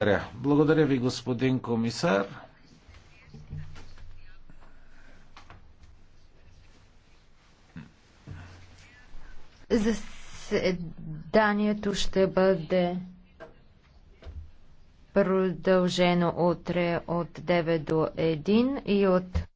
Благодаря. Благодаря ви, господин комисар. Заседанието ще бъде продължено утре от 9 до 1 и от